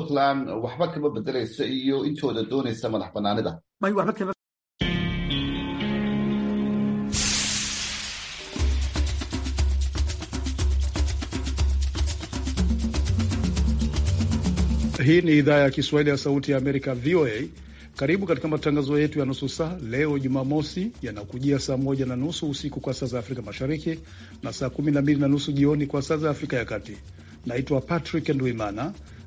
puntland waxba kama bedelaysa iyo intooda doonaysa madax banaanida Hii ni idhaa ya Kiswahili ya Sauti ya Amerika, VOA. Karibu katika matangazo yetu ya nusu saa leo Jumamosi, yanakujia saa moja na nusu usiku kwa saa za Afrika Mashariki na saa kumi na mbili na nusu jioni kwa saa za Afrika ya Kati. Naitwa Patrick Ndwimana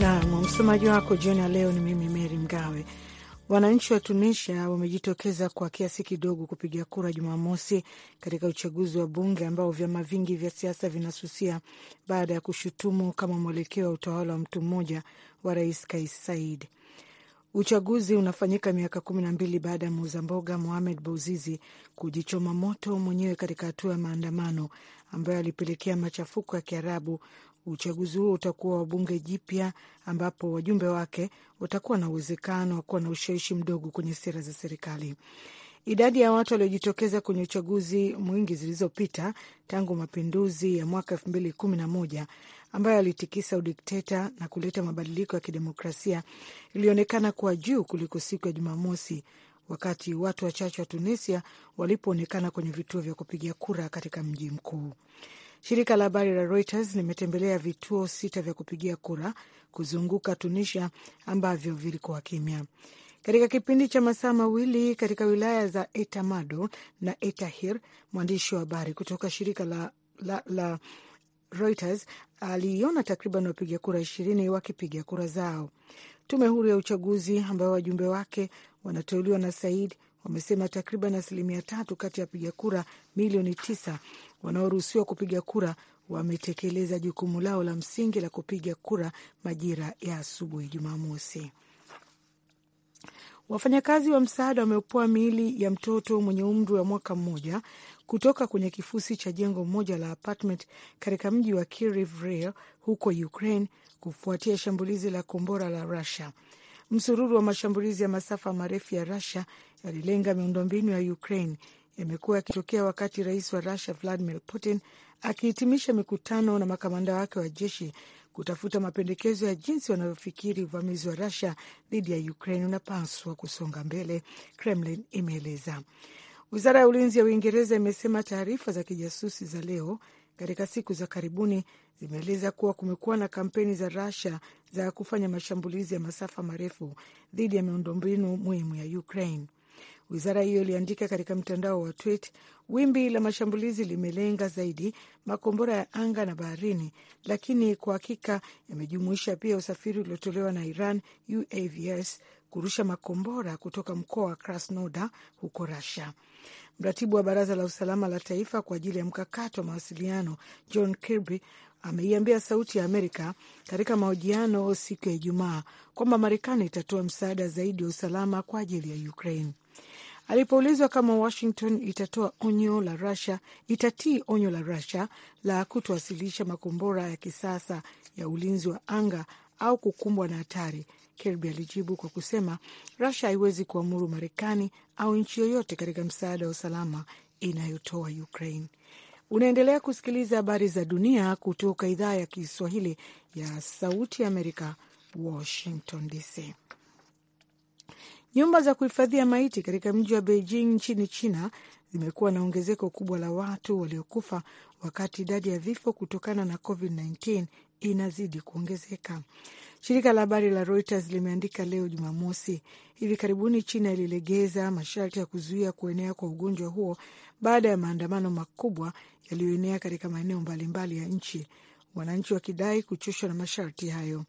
Nam msomaji wako jioni ya leo ni mimi Meri Mgawe. Wananchi wa Tunisia wamejitokeza kwa kiasi kidogo kupiga kura Jumamosi katika uchaguzi wa bunge ambao vyama vingi vya siasa vinasusia baada ya kushutumu kama mwelekeo wa utawala wa mtu mmoja wa Rais Kais Said. Uchaguzi unafanyika miaka kumi na mbili baada ya muuza mboga Mohamed Bouzizi kujichoma moto mwenyewe katika hatua ya maandamano ambayo alipelekea machafuko ya Kiarabu Uchaguzi huo utakuwa wa bunge jipya ambapo wajumbe wake watakuwa na uwezekano wa kuwa na ushawishi mdogo kwenye sera za serikali. Idadi ya watu waliojitokeza kwenye uchaguzi mwingi zilizopita tangu mapinduzi ya mwaka elfu mbili kumi na moja ambayo alitikisa udikteta na kuleta mabadiliko ya kidemokrasia ilionekana kuwa juu kuliko siku ya Jumamosi, wakati watu wachache wa Tunisia walipoonekana kwenye vituo vya kupiga kura katika mji mkuu. Shirika la habari la Reuters limetembelea vituo sita vya kupigia kura kuzunguka Tunisia ambavyo vilikuwa kimya katika kipindi cha masaa mawili katika wilaya za Etamado na Etahir. Mwandishi wa habari kutoka shirika la, la, la Reuters aliona takriban wapiga kura ishirini wakipiga kura zao. Tume huru ya uchaguzi ambayo wajumbe wake wanateuliwa na Said wamesema takriban asilimia tatu kati ya wapiga kura milioni tisa wanaoruhusiwa kupiga kura wametekeleza jukumu lao la msingi la kupiga kura majira ya asubuhi Jumamosi. Wafanyakazi wa msaada wameopoa miili ya mtoto mwenye umri wa mwaka mmoja kutoka kwenye kifusi cha jengo moja la apartment katika mji wa Kryvyi Rih huko Ukraine kufuatia shambulizi la kombora la russia Msururu wa mashambulizi ya masafa marefu ya rasia yalilenga miundombinu ya Ukraine yamekuwa yakitokea wakati rais wa rasia Vladimir Putin akihitimisha mikutano na makamanda wake wa jeshi kutafuta mapendekezo ya jinsi wanavyofikiri uvamizi wa rasia dhidi ya Ukraine unapaswa kusonga mbele, Kremlin imeeleza. Wizara ya ulinzi ya Uingereza imesema taarifa za kijasusi za leo katika siku za karibuni zimeeleza kuwa kumekuwa na kampeni za rasia za kufanya mashambulizi ya masafa marefu dhidi ya miundombinu muhimu ya Ukraine. Wizara hiyo iliandika katika mtandao wa Twitter, wimbi la mashambulizi limelenga zaidi makombora ya anga na baharini, lakini kwa hakika yamejumuisha pia usafiri uliotolewa na Iran UAVs kurusha makombora kutoka mkoa wa Krasnoda huko rasia Mratibu wa baraza la usalama la taifa kwa ajili ya mkakati wa mawasiliano John Kirby ameiambia Sauti ya Amerika katika mahojiano siku ya Ijumaa kwamba Marekani itatoa msaada zaidi wa usalama kwa ajili ya Ukraine. Alipoulizwa kama Washington itatoa onyo la Russia, itatii onyo la Russia la kutowasilisha makombora ya kisasa ya ulinzi wa anga au kukumbwa na hatari, Kirby alijibu kwa kusema rusia haiwezi kuamuru Marekani au nchi yoyote katika msaada wa usalama inayotoa Ukraine. Unaendelea kusikiliza habari za dunia kutoka idhaa ya Kiswahili ya Sauti Amerika, Washington DC. Nyumba za kuhifadhia maiti katika mji wa Beijing nchini China zimekuwa na ongezeko kubwa la watu waliokufa wakati idadi ya vifo kutokana na COVID-19 inazidi kuongezeka. Shirika la habari la Reuters limeandika leo Jumamosi, hivi karibuni China ililegeza masharti ya kuzuia kuenea kwa ugonjwa huo baada ya maandamano makubwa yaliyoenea katika maeneo mbalimbali ya nchi, wananchi wakidai kuchoshwa na masharti hayo.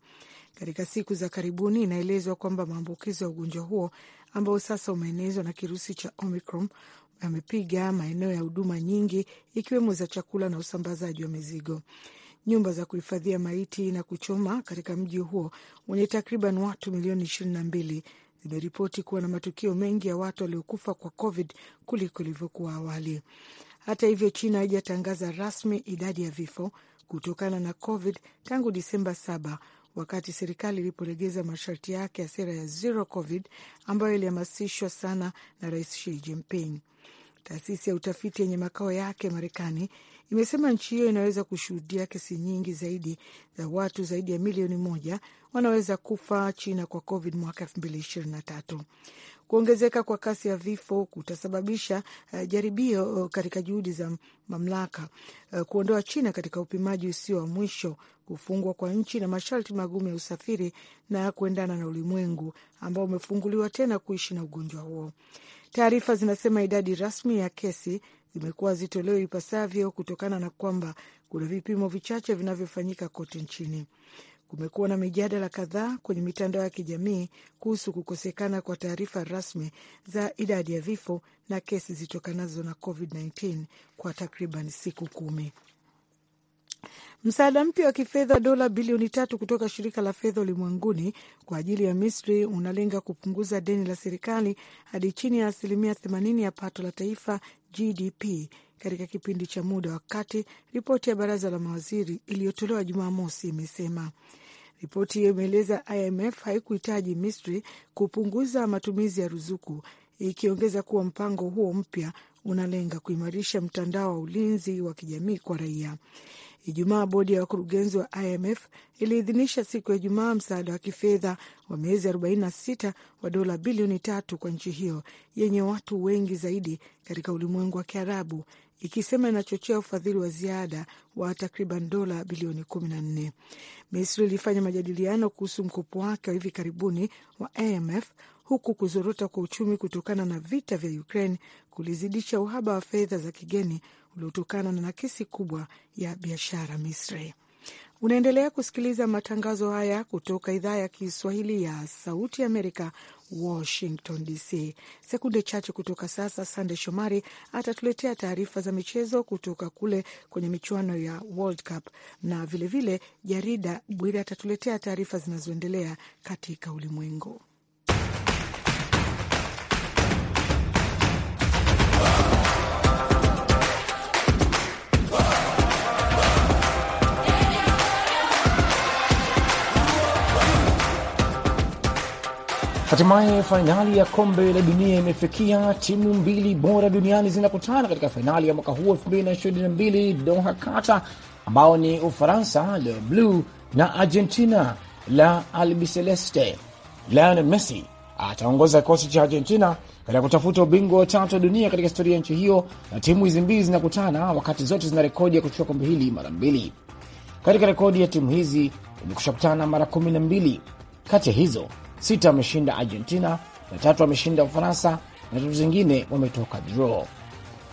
Katika siku za karibuni, inaelezwa kwamba maambukizo ya ugonjwa huo ambao sasa umeenezwa na kirusi cha Omicron amepiga maeneo ya huduma nyingi ikiwemo za chakula na usambazaji wa mizigo nyumba za kuhifadhia maiti na kuchoma katika mji huo wenye takriban watu milioni ishirini na mbili zimeripoti kuwa na matukio mengi ya watu waliokufa kwa COVID kuliko ilivyokuwa awali. Hata hivyo, China haijatangaza rasmi idadi ya vifo kutokana na COVID tangu Disemba saba wakati serikali ilipolegeza masharti yake ya sera ya zero COVID ambayo ilihamasishwa sana na Rais Xi Jinping. Taasisi ya utafiti yenye makao yake Marekani imesema nchi hiyo inaweza kushuhudia kesi nyingi zaidi za watu zaidi ya milioni moja wanaweza kufa China kwa COVID mwaka elfu mbili ishirini na tatu. Kuongezeka kwa kasi ya vifo kutasababisha uh, jaribio uh, katika juhudi za mamlaka uh, kuondoa China katika upimaji usio wa mwisho, kufungwa kwa nchi na masharti magumu ya usafiri na kuendana na ulimwengu ambao umefunguliwa tena kuishi na ugonjwa huo. Taarifa zinasema idadi rasmi ya kesi zimekuwa zitolewe ipasavyo kutokana na kwamba kuna vipimo vichache vinavyofanyika kote nchini. Kumekuwa na mijadala kadhaa kwenye mitandao ya kijamii kuhusu kukosekana kwa taarifa rasmi za idadi ya vifo na kesi zitokanazo na COVID-19 kwa takriban siku kumi. Msaada mpya wa kifedha wa dola bilioni tatu kutoka shirika la fedha ulimwenguni kwa ajili ya Misri unalenga kupunguza deni la serikali hadi chini ya asilimia themanini ya pato la taifa GDP katika kipindi cha muda wa kati, ripoti ya baraza la mawaziri iliyotolewa Jumamosi imesema. Ripoti hiyo imeeleza IMF haikuhitaji Misri kupunguza matumizi ya ruzuku ikiongeza kuwa mpango huo mpya unalenga kuimarisha mtandao wa ulinzi wa kijamii kwa raia. Ijumaa, bodi ya wakurugenzi wa IMF iliidhinisha siku ya Ijumaa msaada wa kifedha wa miezi 46 wa dola bilioni tatu kwa nchi hiyo yenye watu wengi zaidi katika ulimwengu wa Kiarabu, ikisema inachochea ufadhili wa ziada wa takriban dola bilioni 14. Misri ilifanya majadiliano kuhusu mkopo wake wa hivi karibuni wa IMF huku kuzorota kwa uchumi kutokana na vita vya Ukraine kulizidisha uhaba wa fedha za kigeni uliotokana na nakisi kubwa ya biashara Misri. Unaendelea kusikiliza matangazo haya kutoka idhaa ya Kiswahili ya Sauti Amerika, Washington DC. Sekunde chache kutoka sasa, Sande Shomari atatuletea taarifa za michezo kutoka kule kwenye michuano ya World Cup, na vilevile vile, jarida Bwire atatuletea taarifa zinazoendelea katika ulimwengu. Hatimaye fainali ya kombe la dunia imefikia. Timu mbili bora duniani zinakutana katika fainali ya mwaka huu 2022 Doha, kata ambao ni Ufaransa le blu na Argentina la Albiceleste. Lionel Messi ataongoza kikosi cha Argentina katika kutafuta ubingwa wa tatu wa dunia katika historia ya nchi hiyo, na timu hizi mbili zinakutana wakati zote zina rekodi ya kuchukua kombe hili mara mbili. Katika rekodi ya timu hizi imekusha kutana mara mbili, kati ya hizo sita wameshinda Argentina na tatu wameshinda Ufaransa na tatu zingine wametoka dro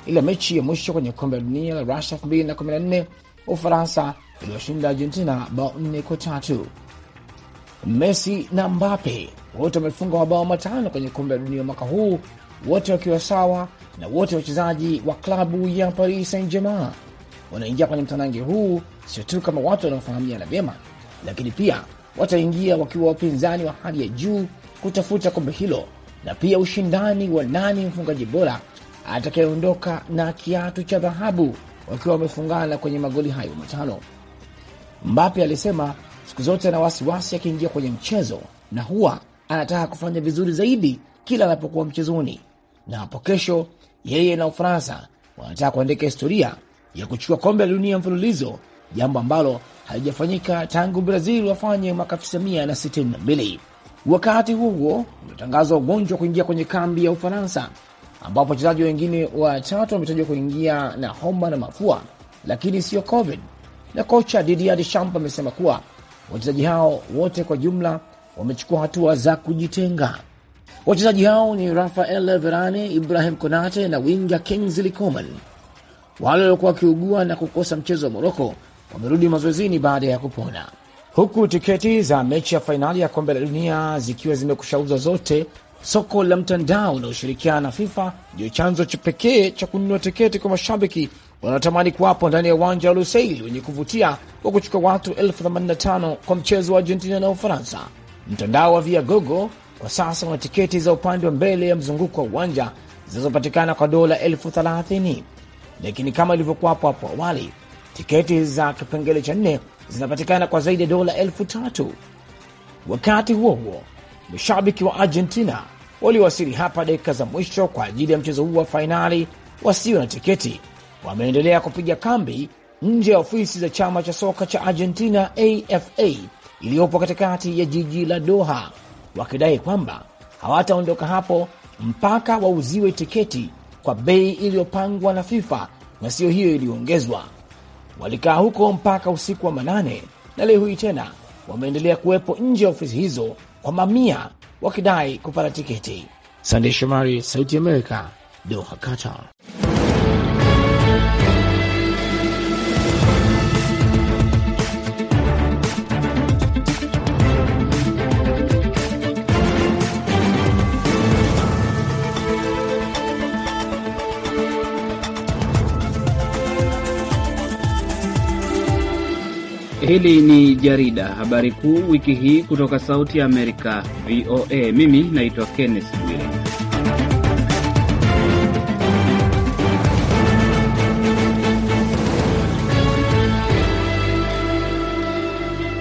Ila mechi ya mwisho kwenye kombe la dunia la rusia 2014 Ufaransa iliwashinda Argentina bao nne kwa tatu. Messi na Mbappe wote wamefunga mabao matano kwenye kombe la dunia mwaka huu, wote wakiwa sawa na wote wachezaji wa klabu ya Paris Saint Germain. Wanaingia kwenye mtanange huu sio tu kama watu wanaofahamiana vyema, lakini pia wataingia wakiwa wapinzani wa hali ya juu kutafuta kombe hilo na pia ushindani wa nani mfungaji bora atakayeondoka na kiatu cha dhahabu wakiwa wamefungana kwenye magoli hayo matano. Mbape alisema siku zote ana wasiwasi akiingia kwenye mchezo na huwa anataka kufanya vizuri zaidi kila anapokuwa mchezoni, na hapo kesho yeye na Ufaransa wanataka kuandika historia ya kuchukua kombe la dunia mfululizo jambo ambalo halijafanyika tangu Brazil wafanye mwaka 1962. Wakati huo huo, umetangazwa ugonjwa kuingia kwenye kambi ya Ufaransa, ambapo wachezaji wengine watatu wametajwa kuingia na homa na mafua, lakini siyo COVID, na kocha Didier Deschamps amesema kuwa wachezaji hao wote kwa jumla wamechukua hatua za kujitenga. Wachezaji hao ni Rafael Varane, Ibrahim Konate na winga Kingsley Coman. Wale waliokuwa wakiugua na kukosa mchezo wa Moroko wamerudi mazoezini baada ya kupona, huku tiketi za mechi ya fainali ya kombe la dunia zikiwa zimekushauzwa zote. Soko la mtandao unaoshirikiana na FIFA ndio chanzo pekee cha kununua tiketi kwa mashabiki wanaotamani kuwapo ndani ya uwanja wa Lusail wenye kuvutia wa kuchukua watu elfu themanini na tano kwa mchezo wa Argentina na Ufaransa. Mtandao wa Viagogo kwa sasa una tiketi za upande wa mbele ya mzunguko wa uwanja zinazopatikana kwa dola elfu thelathini, lakini kama ilivyokuwapo hapo awali Tiketi za kipengele cha nne zinapatikana kwa zaidi ya dola elfu tatu. Wakati huo huo, mashabiki wa Argentina waliowasili hapa dakika za mwisho kwa ajili ya mchezo huu wa fainali, wasio na tiketi wameendelea kupiga kambi nje ya ofisi za chama cha soka cha Argentina AFA iliyopo katikati ya jiji la Doha, wakidai kwamba hawataondoka hapo mpaka wauziwe tiketi kwa bei iliyopangwa na FIFA na siyo hiyo iliyoongezwa. Walikaa huko mpaka usiku wa manane, na leo hii tena wameendelea kuwepo nje ya ofisi hizo kwa mamia, wakidai kupata tiketi. Sandey Shomari, Sauti Amerika, Doha, Qatar. Hili ni jarida habari kuu wiki hii kutoka Sauti ya Amerika, VOA. Mimi naitwa Kenneth Bwire.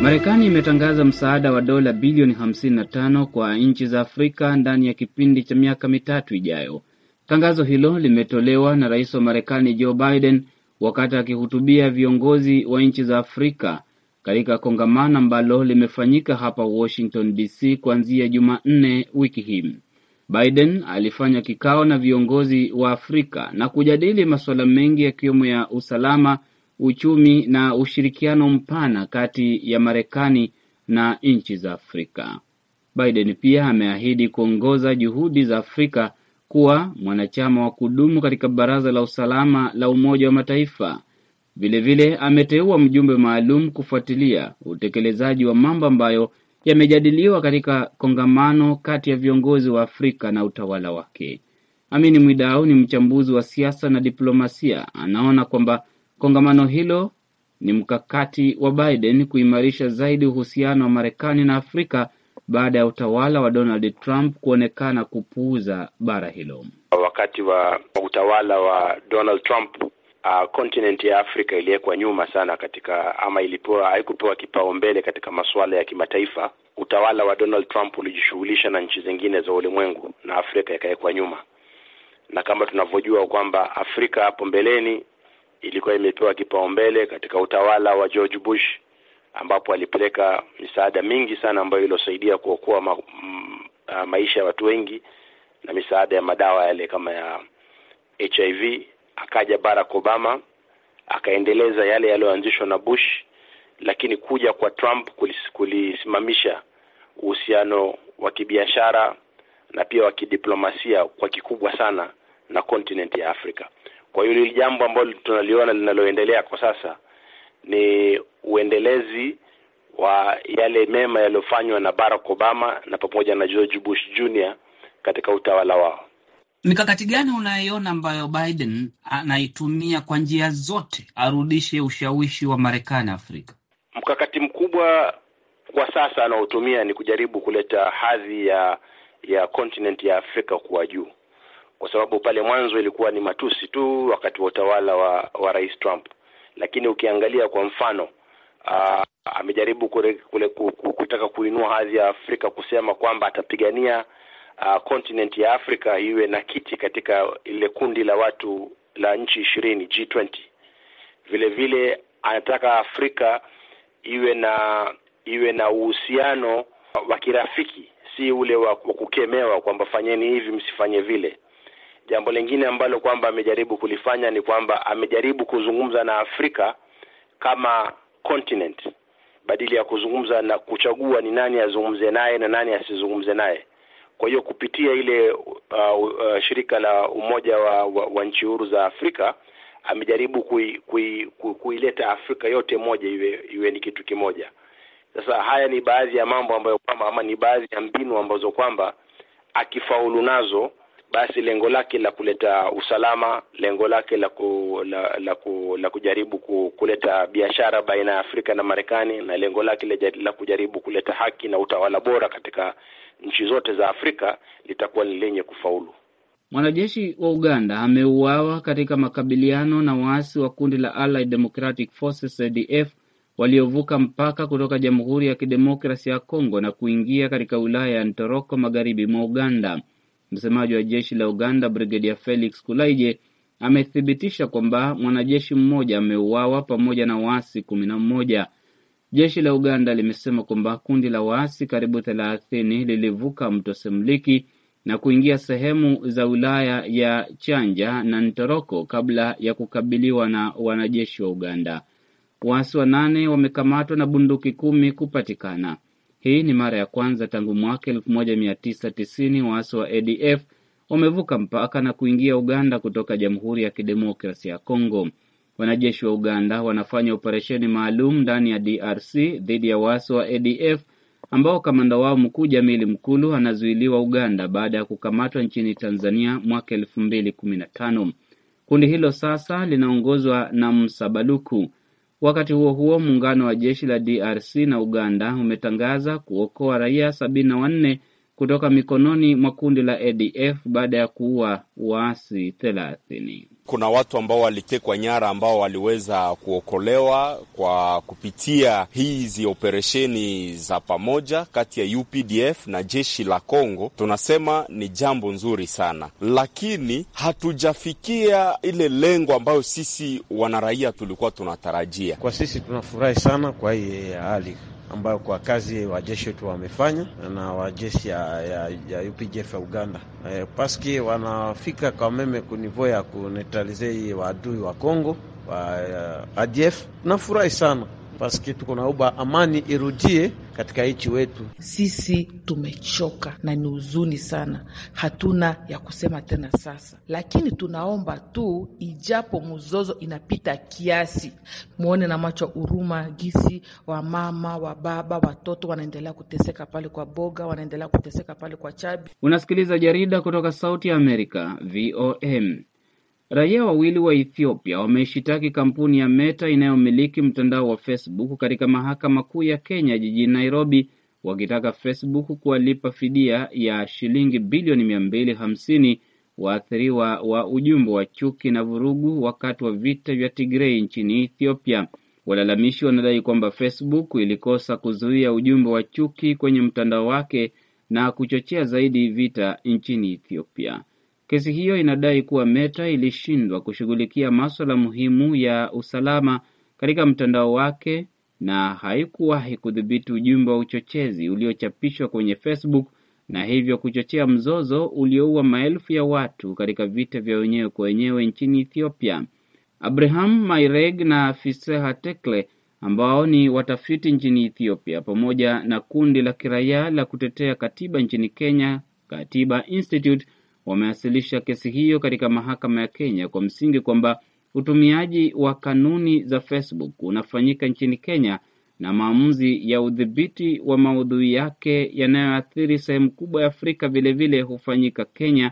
Marekani imetangaza msaada wa dola bilioni 55 kwa nchi za Afrika ndani ya kipindi cha miaka mitatu ijayo. Tangazo hilo limetolewa na rais wa Marekani Joe Biden wakati akihutubia viongozi wa nchi za Afrika katika kongamano ambalo limefanyika hapa Washington DC kuanzia Jumanne wiki hii. Biden alifanya kikao na viongozi wa Afrika na kujadili masuala mengi yakiwemo ya usalama, uchumi na ushirikiano mpana kati ya Marekani na nchi za Afrika. Biden pia ameahidi kuongoza juhudi za Afrika kuwa mwanachama wa kudumu katika Baraza la Usalama la Umoja wa Mataifa Vilevile ameteua mjumbe maalum kufuatilia utekelezaji wa mambo ambayo yamejadiliwa katika kongamano kati ya viongozi wa Afrika na utawala wake. Amini Mwidau ni mchambuzi wa siasa na diplomasia, anaona kwamba kongamano hilo ni mkakati wa Biden kuimarisha zaidi uhusiano wa Marekani na Afrika baada ya utawala wa Donald Trump kuonekana kupuuza bara hilo. Wakati wa utawala wa Donald Trump kontinenti uh, ya Afrika iliyekwa nyuma sana katika ama ilipewa haikupewa kipaumbele katika masuala ya kimataifa. Utawala wa Donald Trump ulijishughulisha na nchi zingine za ulimwengu na Afrika ikawekwa nyuma, na kama tunavyojua kwamba Afrika hapo mbeleni ilikuwa imepewa kipaumbele katika utawala wa George Bush, ambapo alipeleka misaada mingi sana ambayo ilosaidia kuokoa ma, mm, uh, maisha ya watu wengi na misaada ya madawa yale kama ya HIV akaja Barack Obama akaendeleza yale yaliyoanzishwa na Bush, lakini kuja kwa Trump kulisimamisha uhusiano wa kibiashara na pia wa kidiplomasia kwa kikubwa sana na kontinenti ya Afrika. Kwa hiyo hili jambo ambalo tunaliona linaloendelea kwa sasa ni uendelezi wa yale mema yaliyofanywa na Barack Obama na pamoja na George Bush Jr katika utawala wao. Mikakati gani unayoona ambayo Biden anaitumia kwa njia zote arudishe ushawishi wa Marekani Afrika? Mkakati mkubwa kwa sasa anaotumia ni kujaribu kuleta hadhi ya ya continent ya Afrika kuwa juu, kwa sababu pale mwanzo ilikuwa ni matusi tu wakati wa utawala wa, wa Rais Trump, lakini ukiangalia kwa mfano aa, amejaribu kule, kule, kutaka kuinua hadhi ya Afrika kusema kwamba atapigania kontinenti uh, ya Afrika iwe na kiti katika ile kundi la watu la nchi ishirini G20. Vile vile anataka Afrika iwe na iwe na uhusiano wa kirafiki, si ule wa kukemewa kwamba fanyeni hivi msifanye vile. Jambo lingine ambalo kwamba amejaribu kulifanya ni kwamba amejaribu kuzungumza na Afrika kama continent badili ya kuzungumza na kuchagua ni nani azungumze naye na nani asizungumze naye. Kwa hiyo kupitia ile uh, uh, shirika la umoja wa, wa, wa nchi huru za Afrika amejaribu kuileta kui, kui, kui Afrika yote moja iwe, iwe ni kitu kimoja. Sasa haya ni baadhi ya mambo ambayo kwamba ama ni baadhi ya mbinu ambazo kwamba akifaulu nazo basi lengo lake la kuleta usalama, lengo lake la ku, la, la, ku, la kujaribu ku, kuleta biashara baina ya Afrika na Marekani, na lengo lake la kujaribu kuleta haki na utawala bora katika nchi zote za Afrika litakuwa ni lenye kufaulu. Mwanajeshi wa Uganda ameuawa katika makabiliano na waasi wa kundi la Allied Democratic Forces ADF waliovuka mpaka kutoka Jamhuri ya Kidemokrasia ya Kongo na kuingia katika wilaya ya Ntoroko magharibi mwa Uganda. Msemaji wa jeshi la Uganda Brigedia Felix Kulaije amethibitisha kwamba mwanajeshi mmoja ameuawa pamoja na waasi kumi na mmoja. Jeshi la Uganda limesema kwamba kundi la waasi karibu thelathini lilivuka mto Semliki na kuingia sehemu za wilaya ya Chanja na Ntoroko kabla ya kukabiliwa na wanajeshi wa Uganda. Waasi wanane wamekamatwa na bunduki kumi kupatikana. Hii ni mara ya kwanza tangu mwaka 1990 waasi wa ADF wamevuka mpaka na kuingia Uganda kutoka Jamhuri ya Kidemokrasia ya Kongo. Wanajeshi wa Uganda wanafanya operesheni maalum ndani ya DRC dhidi ya waasi wa ADF ambao kamanda wao mkuu Jamili Mkulu anazuiliwa Uganda baada ya kukamatwa nchini Tanzania mwaka elfu mbili kumi na tano. Kundi hilo sasa linaongozwa na Msabaluku. Wakati huo huo, muungano wa jeshi la DRC na Uganda umetangaza kuokoa raia sabini na wanne kutoka mikononi mwa kundi la ADF baada ya kuua waasi thelathini. Kuna watu ambao walitekwa nyara ambao waliweza kuokolewa kwa kupitia hizi operesheni za pamoja kati ya UPDF na jeshi la congo Tunasema ni jambo nzuri sana, lakini hatujafikia ile lengo ambayo sisi wanaraia tulikuwa tunatarajia. Kwa sisi tunafurahi sana kwa hii hali ambayo kwa kazi wajeshi wetu wamefanya na wajeshi ya, ya, ya UPDF ya Uganda e, paski wanafika kwa meme kunivo ya kunetalizei waadui wa Kongo wa ADF. Tunafurahi sana paski tuko naomba amani irudie katika nchi wetu. Sisi tumechoka na ni huzuni sana, hatuna ya kusema tena sasa, lakini tunaomba tu, ijapo mzozo inapita kiasi, mwone na macho huruma gisi wa mama wa baba watoto wanaendelea kuteseka pale kwa Boga, wanaendelea kuteseka pale kwa Chabi. Unasikiliza jarida kutoka Sauti ya Amerika, VOM. Raia wawili wa Ethiopia wameshitaki kampuni ya Meta inayomiliki mtandao wa Facebook katika mahakama kuu ya Kenya jijini Nairobi, wakitaka Facebook kuwalipa fidia ya shilingi bilioni mia hamsini waathiriwa wa ujumbe wa chuki na vurugu wakati wa vita vya Tigrei nchini Ethiopia. Walalamishi wanadai kwamba Facebook ilikosa kuzuia ujumbe wa chuki kwenye mtandao wake na kuchochea zaidi vita nchini Ethiopia. Kesi hiyo inadai kuwa Meta ilishindwa kushughulikia maswala muhimu ya usalama katika mtandao wake na haikuwahi kudhibiti ujumbe wa uchochezi uliochapishwa kwenye Facebook na hivyo kuchochea mzozo ulioua maelfu ya watu katika vita vya wenyewe kwa wenyewe nchini Ethiopia. Abraham Maireg na Fiseha Tekle ambao ni watafiti nchini Ethiopia pamoja na kundi la kiraia la kutetea katiba nchini Kenya, Katiba Institute wamewasilisha kesi hiyo katika mahakama ya Kenya kwa msingi kwamba utumiaji wa kanuni za Facebook unafanyika nchini Kenya na maamuzi ya udhibiti wa maudhui yake yanayoathiri sehemu kubwa ya Afrika vilevile hufanyika Kenya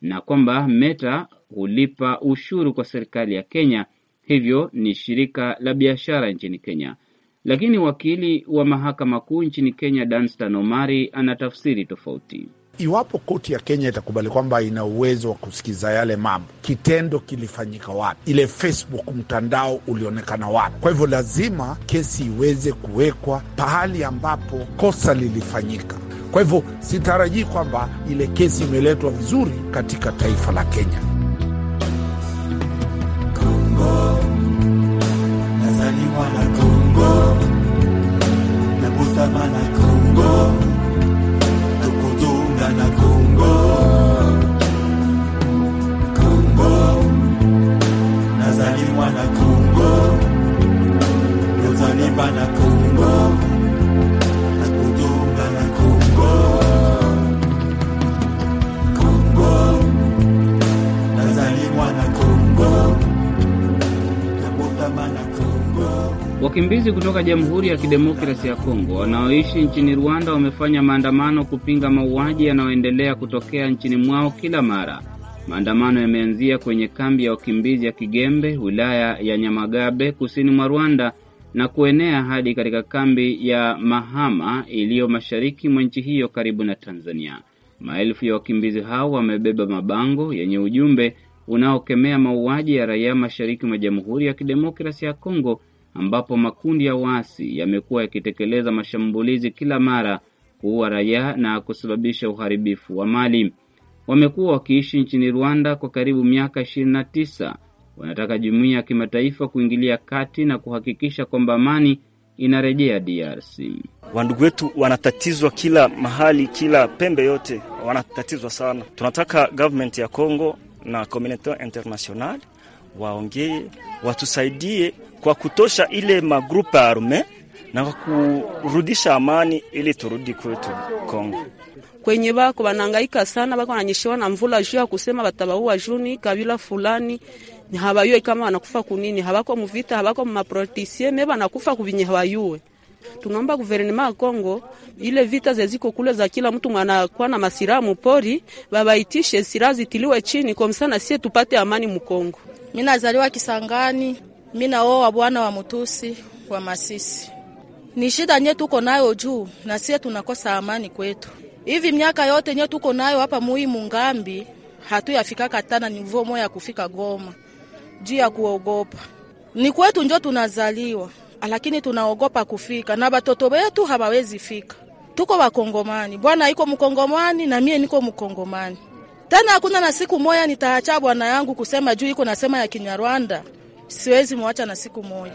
na kwamba Meta hulipa ushuru kwa serikali ya Kenya, hivyo ni shirika la biashara nchini Kenya. Lakini wakili wa mahakama kuu nchini Kenya Danstan Omari ana tafsiri tofauti. Iwapo koti ya Kenya itakubali kwamba ina uwezo wa kusikiza yale mambo, kitendo kilifanyika wapi? Ile Facebook mtandao ulionekana wapi? Kwa hivyo lazima kesi iweze kuwekwa pahali ambapo kosa lilifanyika. Kwa hivyo sitarajii kwamba ile kesi imeletwa vizuri katika taifa la Kenya. Kongo, nazaliwa na Kongo, nabutama na Kongo. na Kongo. Wakimbizi kutoka Jamhuri ya Kidemokrasi ya Kongo wanaoishi nchini Rwanda wamefanya maandamano kupinga mauaji yanayoendelea kutokea nchini mwao kila mara. Maandamano yameanzia kwenye kambi ya wakimbizi ya Kigembe, wilaya ya Nyamagabe, kusini mwa Rwanda, na kuenea hadi katika kambi ya Mahama iliyo mashariki mwa nchi hiyo karibu na Tanzania. Maelfu ya wakimbizi hao wamebeba mabango yenye ujumbe unaokemea mauaji ya raia mashariki mwa Jamhuri ya Kidemokrasia ya Kongo ambapo makundi ya waasi yamekuwa yakitekeleza mashambulizi kila mara kuua raia na kusababisha uharibifu wa mali. Wamekuwa wakiishi nchini Rwanda kwa karibu miaka 29 wanataka jumuiya ya kimataifa kuingilia kati na kuhakikisha kwamba amani inarejea DRC. Wandugu wetu wanatatizwa kila mahali, kila pembe yote wanatatizwa sana. Tunataka government ya Congo na community international waongee, watusaidie kwa kutosha ile magrupe ya arme na kwa kurudisha amani ili turudi kwetu congo kwenye bako banangaika sana, bako nanyeshewa na mvula juu ya kusema batabaua juni kabila fulani ni habayue kama wanakufa kunini, habako muvita, habako mumaprotisie me banakufa kuvinye habayue. Tunaomba guverinema ya Kongo ile vita zeziko kule za kila mtu mwanakuwa na masiraha mupori, babaitishe siraha zitiliwe chini kwa msana, sie tupate amani mukongo. Mi nazaliwa Kisangani, mi naoa bwana wa Mutusi wa Masisi. Ni shida nye tuko nayo juu na sie tunakosa amani kwetu hivi miaka yote nyewe tuko nayo hapa mui mungambi hatuyafikaka tana nivo moya kufika Goma juu ya kuogopa. Ni kwetu njo tunazaliwa, lakini tunaogopa kufika na batoto wetu hawawezi fika. Tuko Wakongomani, bwana iko Mkongomani na mie niko Mkongomani. Tena hakuna na siku moya nitaacha bwana yangu kusema juu iko nasema ya Kinyarwanda, siwezi mwacha na siku moya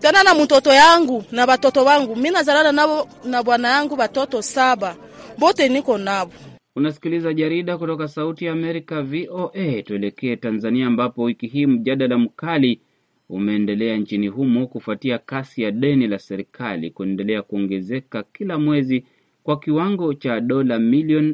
tena. Na mtoto yangu na batoto wangu mi nazalana nabo na bwana yangu batoto saba bote niko nabo. Unasikiliza jarida kutoka Sauti ya Amerika, VOA. Tuelekee Tanzania, ambapo wiki hii mjadala mkali umeendelea nchini humo kufuatia kasi ya deni la serikali kuendelea kuongezeka kila mwezi kwa kiwango cha dola milioni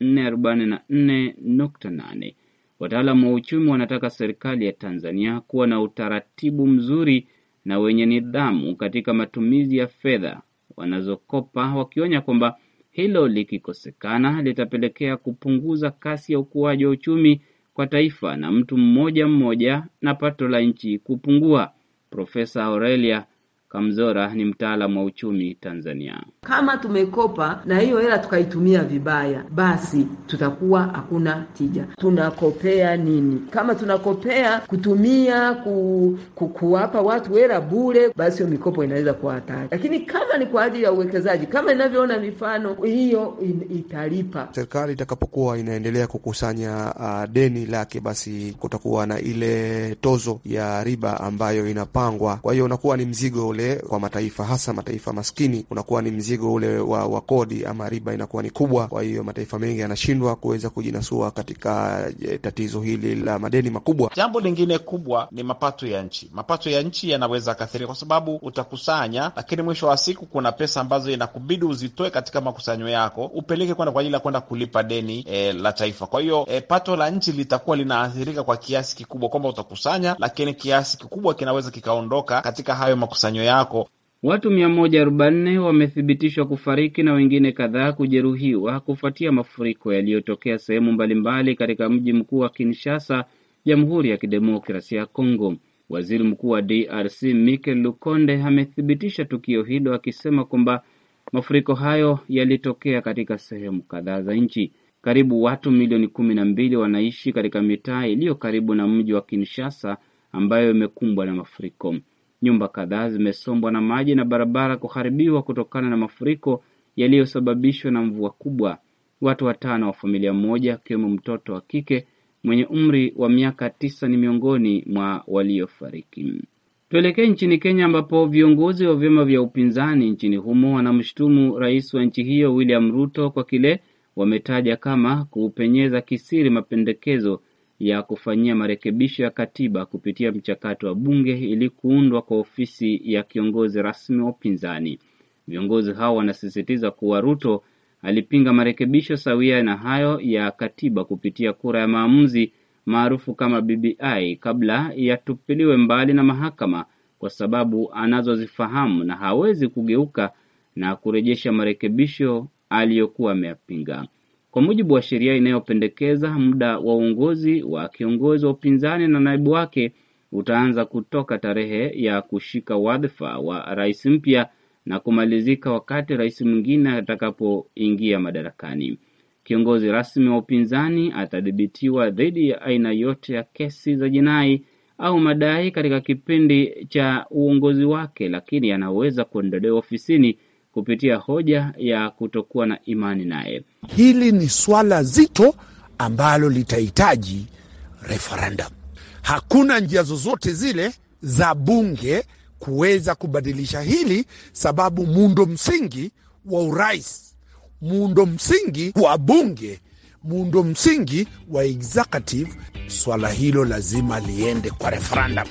444.8. Wataalamu wa uchumi wanataka serikali ya Tanzania kuwa na utaratibu mzuri na wenye nidhamu katika matumizi ya fedha wanazokopa, wakionya kwamba hilo likikosekana litapelekea kupunguza kasi ya ukuaji wa uchumi kwa taifa na mtu mmoja mmoja na pato la nchi kupungua Profesa Aurelia Kamzora ni mtaalamu wa uchumi Tanzania. Kama tumekopa na hiyo hela tukaitumia vibaya, basi tutakuwa hakuna tija. Tunakopea nini? Kama tunakopea kutumia ku, kuwapa watu hela bure, basi hiyo mikopo inaweza kuwa hatari. Lakini kama ni kwa ajili ya uwekezaji, kama inavyoona mifano hiyo, in, italipa. Serikali itakapokuwa inaendelea kukusanya uh, deni lake, basi kutakuwa na ile tozo ya riba ambayo inapangwa, kwa hiyo unakuwa ni mzigo ule kwa mataifa hasa mataifa maskini, unakuwa ni mzigo ule wa, wa kodi ama riba inakuwa ni kubwa. Kwa hiyo mataifa mengi yanashindwa kuweza kujinasua katika eh, tatizo hili la madeni makubwa. Jambo lingine kubwa ni mapato ya nchi. Mapato ya nchi yanaweza akathirika kwa sababu utakusanya, lakini mwisho wa siku kuna pesa ambazo inakubidi uzitoe katika makusanyo yako upeleke kwenda kwa ajili ya kwenda kulipa deni e, la taifa. Kwa hiyo e, pato la nchi litakuwa linaathirika kwa kiasi kikubwa, kwamba utakusanya, lakini kiasi kikubwa kinaweza kikaondoka katika hayo makusanyo yako yako. Watu 140 wamethibitishwa kufariki na wengine kadhaa kujeruhiwa kufuatia mafuriko yaliyotokea sehemu mbalimbali katika mji mkuu wa Kinshasa, Jamhuri ya Kidemokrasia ya Kongo. Waziri Mkuu wa DRC Michel Lukonde amethibitisha tukio hilo akisema kwamba mafuriko hayo yalitokea katika sehemu kadhaa za nchi. Karibu watu milioni kumi na mbili wanaishi katika mitaa iliyo karibu na mji wa Kinshasa ambayo imekumbwa na mafuriko. Nyumba kadhaa zimesombwa na maji na barabara kuharibiwa kutokana na mafuriko yaliyosababishwa na mvua kubwa. Watu watano wa familia moja akiwemo mtoto wa kike mwenye umri wa miaka tisa ni miongoni mwa waliofariki. Tuelekee nchini Kenya ambapo viongozi wa vyama vya upinzani nchini humo wanamshutumu rais wa nchi hiyo William Ruto kwa kile wametaja kama kuupenyeza kisiri mapendekezo ya kufanyia marekebisho ya katiba kupitia mchakato wa bunge ili kuundwa kwa ofisi ya kiongozi rasmi wa upinzani. Viongozi hao wanasisitiza kuwa Ruto alipinga marekebisho sawia na hayo ya katiba kupitia kura ya maamuzi maarufu kama BBI kabla yatupiliwe mbali na mahakama kwa sababu anazozifahamu na hawezi kugeuka na kurejesha marekebisho aliyokuwa ameyapinga. Kwa mujibu wa sheria inayopendekeza muda wa uongozi wa kiongozi wa upinzani na naibu wake utaanza kutoka tarehe ya kushika wadhifa wa rais mpya na kumalizika wakati rais mwingine atakapoingia madarakani. Kiongozi rasmi wa upinzani atadhibitiwa dhidi ya aina yote ya kesi za jinai au madai katika kipindi cha uongozi wake, lakini anaweza kuondolewa ofisini kupitia hoja ya kutokuwa na imani naye. Hili ni swala zito ambalo litahitaji referendum. Hakuna njia zozote zile za bunge kuweza kubadilisha hili, sababu muundo msingi wa urais, muundo msingi wa bunge, muundo msingi wa executive, swala hilo lazima liende kwa referendum.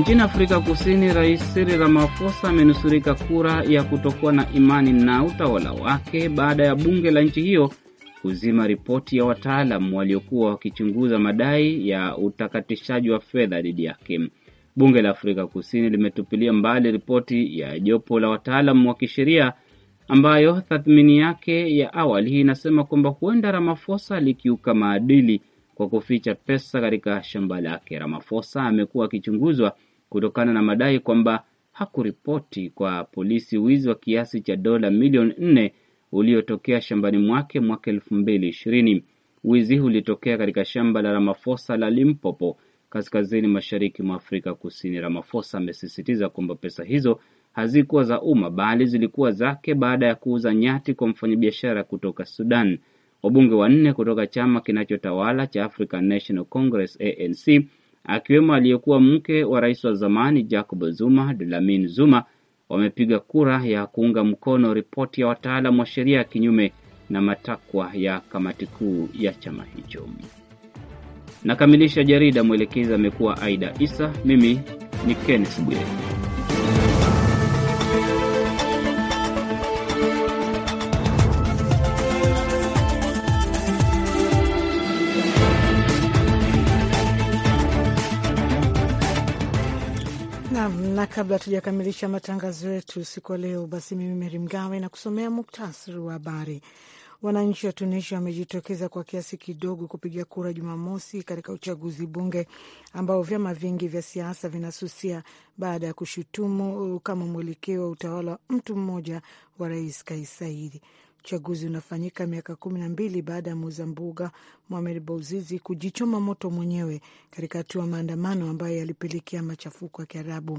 Nchini Afrika Kusini, Rais Cyril Ramaphosa amenusurika kura ya kutokuwa na imani na utawala wake baada ya bunge la nchi hiyo kuzima ripoti ya wataalam waliokuwa wakichunguza madai ya utakatishaji wa fedha dhidi yake. Bunge la Afrika Kusini limetupilia mbali ripoti ya jopo la wataalam wa kisheria ambayo tathmini yake ya awali inasema kwamba huenda Ramaphosa alikiuka maadili kwa kuficha pesa katika shamba lake. Ramaphosa amekuwa akichunguzwa kutokana na madai kwamba hakuripoti kwa polisi wizi wa kiasi cha dola milioni nne uliotokea shambani mwake mwaka elfu mbili ishirini. Wizi ulitokea katika shamba la ramafosa la Limpopo kaskazini mashariki mwa Afrika Kusini. ramafosa amesisitiza kwamba pesa hizo hazikuwa za umma bali zilikuwa zake baada ya kuuza nyati kwa mfanyabiashara kutoka Sudan. Wabunge wanne kutoka chama kinachotawala cha African National Congress ANC akiwemo aliyekuwa mke wa rais wa zamani Jacob Zuma, dlamin Zuma, wamepiga kura ya kuunga mkono ripoti ya wataalam wa sheria kinyume na matakwa ya kamati kuu ya chama hicho. Nakamilisha jarida. Mwelekezi amekuwa Aida Isa. Mimi ni Kenneth Bwire. Kabla tujakamilisha matangazo yetu siku wa leo, basi mimi Meri Mgawe na kusomea muktasari wa habari. Wananchi wa Tunisia wamejitokeza kwa kiasi kidogo kupiga kura Jumamosi katika uchaguzi bunge ambao vyama vingi vya siasa vinasusia baada ya kushutumu uh, kama mwelekeo wa utawala wa mtu mmoja wa Rais Kais Saied. Uchaguzi unafanyika miaka kumi na mbili baada ya muuza mbuga Mohamed Bouzizi kujichoma moto mwenyewe katika hatua ya maandamano ambayo yalipelekea machafuko ya Kiarabu.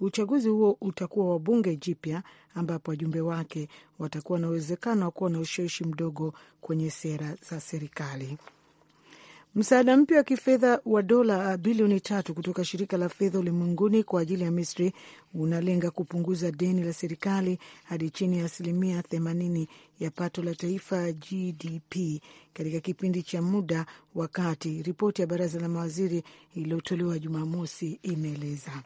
Uchaguzi huo utakuwa wa bunge jipya ambapo wajumbe wake watakuwa na uwezekano wa kuwa na ushawishi mdogo kwenye sera za serikali. Msaada mpya wa kifedha wa dola bilioni tatu kutoka shirika la fedha ulimwenguni kwa ajili ya Misri unalenga kupunguza deni la serikali hadi chini ya asilimia themanini ya pato la taifa GDP katika kipindi cha muda wakati ripoti ya baraza la mawaziri iliyotolewa Jumamosi imeeleza.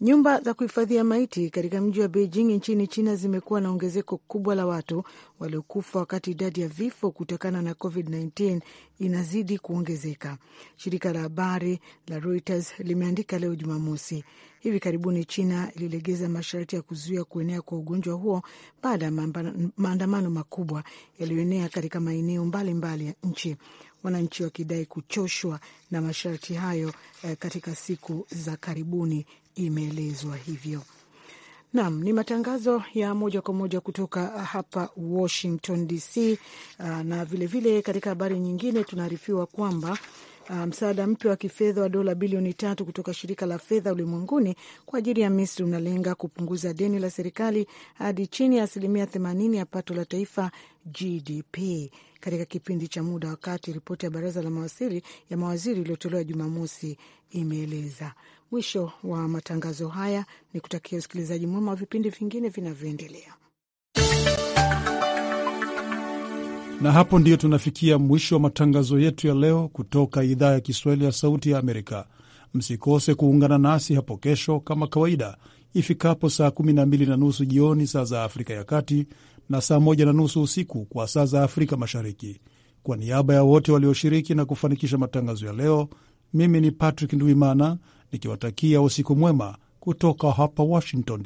Nyumba za kuhifadhia maiti katika mji wa Beijing nchini China zimekuwa na ongezeko kubwa la watu waliokufa wakati idadi ya vifo kutokana na COVID-19 inazidi kuongezeka. Shirika la habari la Reuters limeandika leo Jumamosi. Hivi karibuni China ililegeza masharti ya kuzuia kuenea kwa ugonjwa huo baada ya maandamano makubwa yaliyoenea katika maeneo mbalimbali ya nchi, wananchi wakidai kuchoshwa na masharti hayo eh, katika siku za karibuni imeelezwa hivyo. Nam ni matangazo ya moja kwa moja kutoka hapa Washington DC. Uh, na vilevile vile katika habari nyingine tunaarifiwa kwamba uh, msaada um, mpya wa kifedha wa dola bilioni tatu kutoka shirika la fedha ulimwenguni kwa ajili ya Misri unalenga kupunguza deni la serikali hadi chini ya asilimia themanini ya pato la taifa GDP katika kipindi cha muda wakati, ripoti ya baraza la mawaziri ya mawaziri iliyotolewa Jumamosi imeeleza Mwisho wa matangazo haya, ni kutakia usikilizaji mwema wa vipindi vingine vinavyoendelea. Na hapo ndiyo tunafikia mwisho wa matangazo yetu ya leo kutoka idhaa ya Kiswahili ya Sauti ya Amerika. Msikose kuungana nasi hapo kesho kama kawaida ifikapo saa 12 na nusu jioni saa za Afrika ya Kati na saa 1 na nusu usiku kwa saa za Afrika Mashariki. Kwa niaba ya wote walioshiriki na kufanikisha matangazo ya leo, mimi ni Patrick Ndwimana nikiwatakia usiku mwema kutoka hapa Washington.